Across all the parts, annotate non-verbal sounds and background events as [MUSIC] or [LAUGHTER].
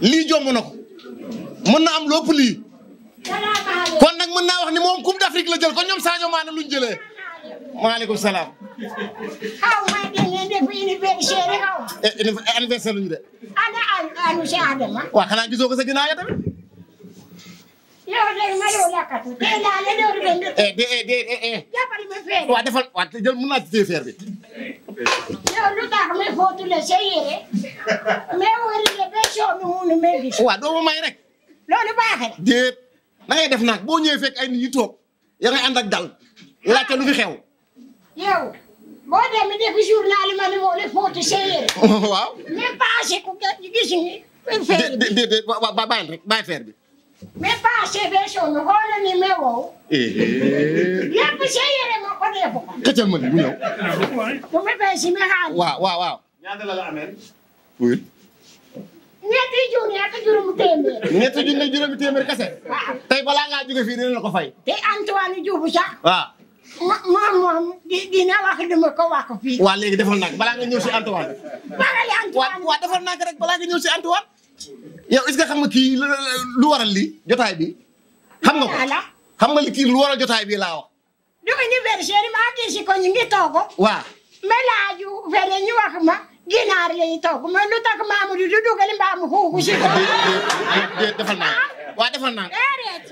lii jomb na mën na am lépp lii kon nag mën naa wax ni moom Coupe d'Afrique la jël kon ñoom Sadio Mané luñ jëlee maaleykum salaam. aw lu ñu de. ana Aliou Aliou Cheikh Adama. waaw xanaa gisoo sa ginnaaw ya tamit. yow de ma yow lakkatu tey laa de jël mën naa ci feer bi. yow lu tax ma fóotu la sa [LAUGHS] nu may may rek. loolu baaxee la. déet da ngay def nag boo ñëwee fekk ay nit ñi toog ya ngay dal laajte lu fi xew. yow boo demee defi journal ma ne [LAUGHS] waaw même passé ku gis ni. feer bi ni mais wow. Eh, eh. lépp ko dee bokk. këcal ma ni bu bu ma bàyyi si ma waaw waaw waaw. ñetti junni juróomi téeméer kese ah. tey balaa ngaa jóge fii dina la ko fay te Antoine Diouf sax waaw moom moom di dina wax dama ko wax fii waaw léegi defal nag balaa nga ñëw si Antoine barali Antoine waaw defal nag rek balaa nga ñëw si Antoine yow est xam nga kii lu waral li jotaay bi xam nga ko xam nga li kii lu waral jotaay bi laa wax du anniversaire maa gis ko ñu ngi toog waaw mais laaju fere ñu wax ma ginaar yooyu togg mooy lu tax maamu di dugal mbaamu xuuxu si ko. defal naa waaw defal naa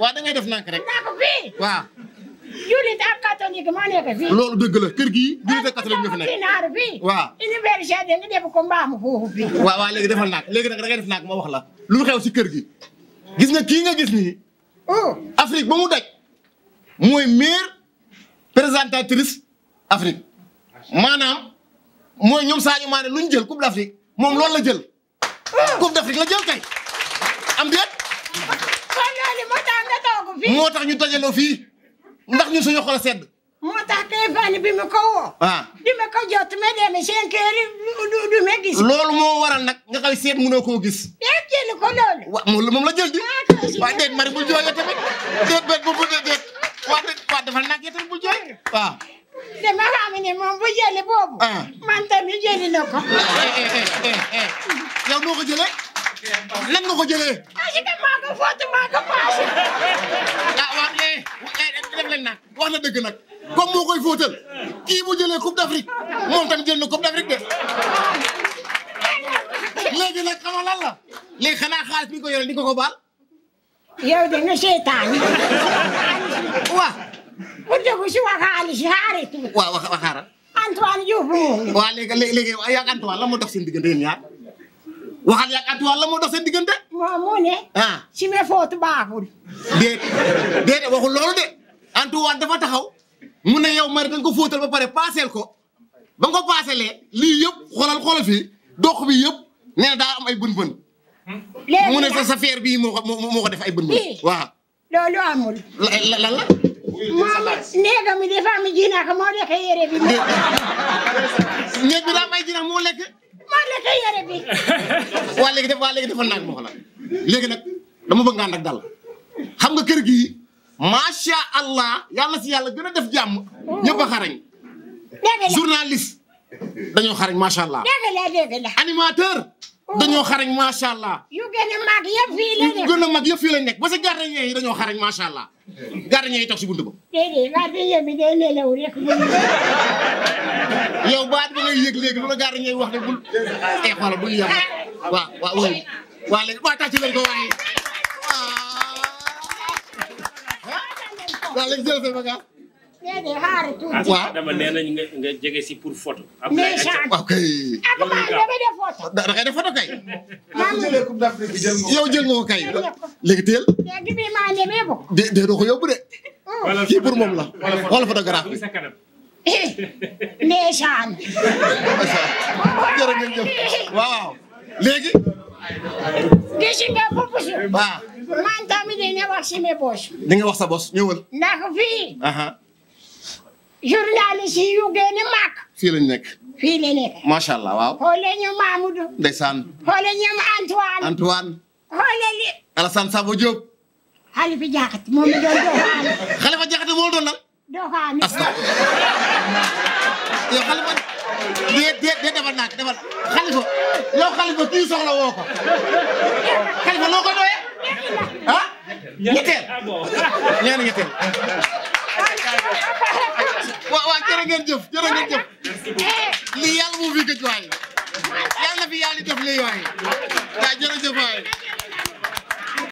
waaw da ngay def nànk rek. naa ko fii. waaw. jullit ak catholique moo nekk fii. loolu dëgg la kër gii jullit ak catholique ñoo fi nekk. ginaar nga def ko mbaamu xuuxu fii. waaw waaw léegi defal naa léegi nag da def nànk moo wax la lu xew si kër gi. gis nga kii nga gis nii. Oh. Afrique ba mu daj. mooy meilleure présentatrice Afrique maanaam. moo ñoom Sadio Mané lu jël coupe d'Afrique moom loolu la jël. coupe d'Afrique la jël kay. am déet. kon moo tax nga toog fii. ñu dajaloo fii ndax ñun suñu xol sedd. moo tax téléphone bi mu ko woo. di ah. ma ko jot ma demee seen kër du du ma gis. loolu moo waral nag nga xam seet mënoo koo gis. yaa jël ko loolu. waaw moom la jël di. Ah, waaw déet mari bu jooyee tamit déet déet bu bu déet déet waaw déet waaw dafa nag yow tamit bu te ma xam moom bu jëli boobu. Ah. man tamit jëli na ko. Eh, eh, eh, yow noo ko jëlee. lan nga ko jëlee. ah si kat maa ko footu maa ko paase. ah wax dëgg wax na dëgg nag. comme moo koy fóotal kii bu jëlee Coupe d'Afrique moom tamit jël na Coupe d'Afrique de. léegi nag xanaa xaalis bi ko yore di nga ko baal. yow de nga seetaan. waaw. Bourdieu si waa xaalis si xaalis. waaw wax waxaaral. Antoine la moo dox seen diggante yéen ñaar waxal yaa la moo dox seen diggante. moom moo ne. ah si ma footu baaxul. déet déet waxul loolu de Antoine dafa taxaw mu ne yow mari da nga ko fóotal ba pare paaseel ko ba nga ko paaselee lii yëpp xoolal xoolal fii dox bi yëpp nee daa am ay bën-bën. léegi mu ne sa sa feer bii moo ko moo ko def ay bën-bën. waaw. loolu amul. lan néega mi des fois mi ji naa ko moo lekk yére bi. moo lekk. moo bi. waa léegi def waa léegi defal naa ko ma xoolal léegi nag dama bëgg nga ànd ak dal xam nga kër gi macha allah yàlla si yàlla gën a def jàmm ñëpp a xarañ. journaliste dañoo xarañ macha allah. animateur. Oh. dañoo xarañ macha allah. yu gën a mag yëpp fii la nekk. gën a mag yëpp fii la nekk ba sa gardien yi dañoo xarañ macha allah. gardien yi toog si buntu ba. déedéet gardien bi day lelew rek. [LAUGHS] yow baat bi ngay yëg léegi lu la gardien yi wax ne bul. eh xoolal bul yàgg waaw waaw waaw waaw léegi waaw tàcc leen ko waaye. waaw léegi jël sa bagage léegi xaar ah, si pour photo. mais saa ok. ah dama dama def photo. kay. maa ngi jëlee coupe d'Afrique bi jël yow jël kay. léegi de de doo de. Oh. kii pour moom la wala photographe bi. Eh, mais saa [LAUGHS] na. jërë ngeen jëf waaw léegi. gis nga bopp tamit dañuy wax si bos. di sa bos ñëwal. ndax fii. journaliste yi yu gën fii lañ nekk. fii allah waaw. xoolee ñu Mamadou. ndeysaan. xoolee ñu Antoine. Antoine. xoolee li. Alassane Sabo Diop. Khalifa Diakhaté moom mi doon doxaane. Khalifa asta yow Khalifa dee dee dee defal naa ko defal Khalifa yow Khalifa kii soxla woo ko Khalifa noo ko doyee. ah waaw waaw jërë ngeen jëf jërë ngeen jëf lii yàlla moo fi gëj waaye yàlla na fi yàlla def lii waaye waaw jërëjëf waaye